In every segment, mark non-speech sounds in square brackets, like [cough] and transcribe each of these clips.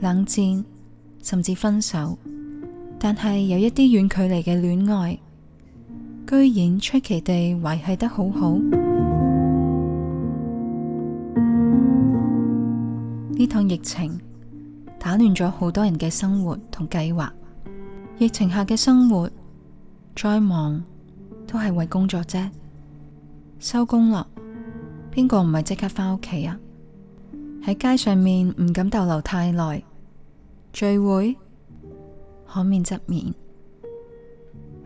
冷戰，甚至分手，但係有一啲遠距離嘅戀愛，居然出奇地維繫得好好。呢 [music] 趟疫情打亂咗好多人嘅生活同計劃。疫情下嘅生活，再忙都係為工作啫。收工啦，邊個唔係即刻翻屋企啊？喺街上面唔敢逗留太耐。聚會可免則免，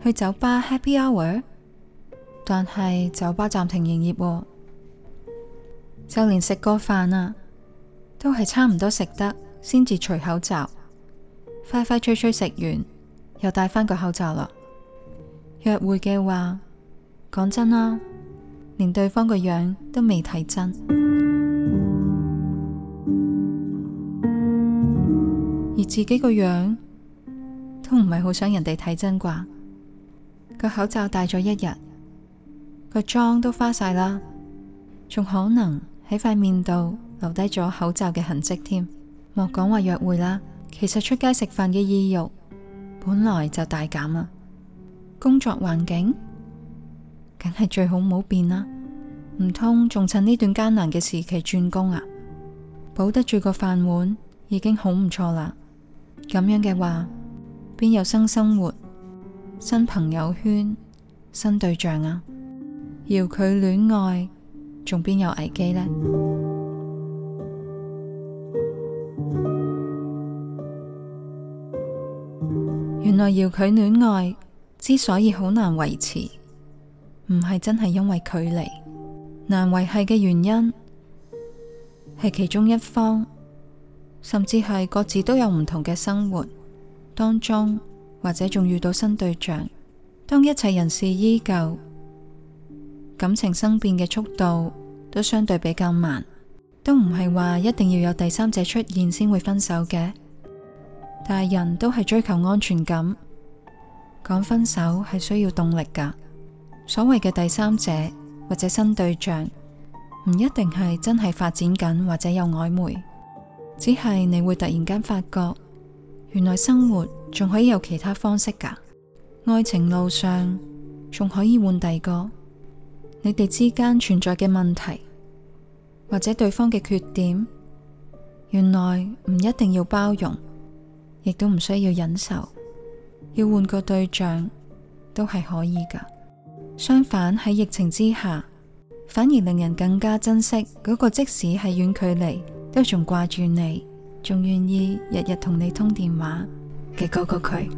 去酒吧 Happy Hour，但係酒吧暫停營業喎，就連食個飯啊，都係差唔多食得先至除口罩，快快脆脆食完又戴翻個口罩啦。約會嘅話，講真啦，連對方個樣都未睇真。而自己個樣都唔係好想人哋睇真啩，個口罩戴咗一日，個妝都花晒啦，仲可能喺塊面度留低咗口罩嘅痕跡添。莫講話約會啦，其實出街食飯嘅意欲本來就大減啦。工作環境梗係最好唔好變啦，唔通仲趁呢段艱難嘅時期轉工啊？保得住個飯碗已經好唔錯啦。咁樣嘅話，邊有新生活、新朋友圈、新對象啊？遙距戀愛仲邊有危機呢？原來遙距戀愛之所以好難維持，唔係真係因為距離，難維繫嘅原因，係其中一方。甚至係各自都有唔同嘅生活，當中，或者仲遇到新對象。當一切人事依舊，感情生變嘅速度都相對比較慢，都唔係話一定要有第三者出現先會分手嘅。但係人都係追求安全感，講分手係需要動力噶。所謂嘅第三者或者新對象，唔一定係真係發展緊或者有曖昧。只係你會突然間發覺，原來生活仲可以有其他方式噶，愛情路上仲可以換第二個，你哋之間存在嘅問題，或者對方嘅缺點，原來唔一定要包容，亦都唔需要忍受，要換個對象都係可以噶。相反喺疫情之下，反而令人更加珍惜嗰個即使係遠距離。都仲掛住你，仲願意日日同你通電話嘅嗰個佢。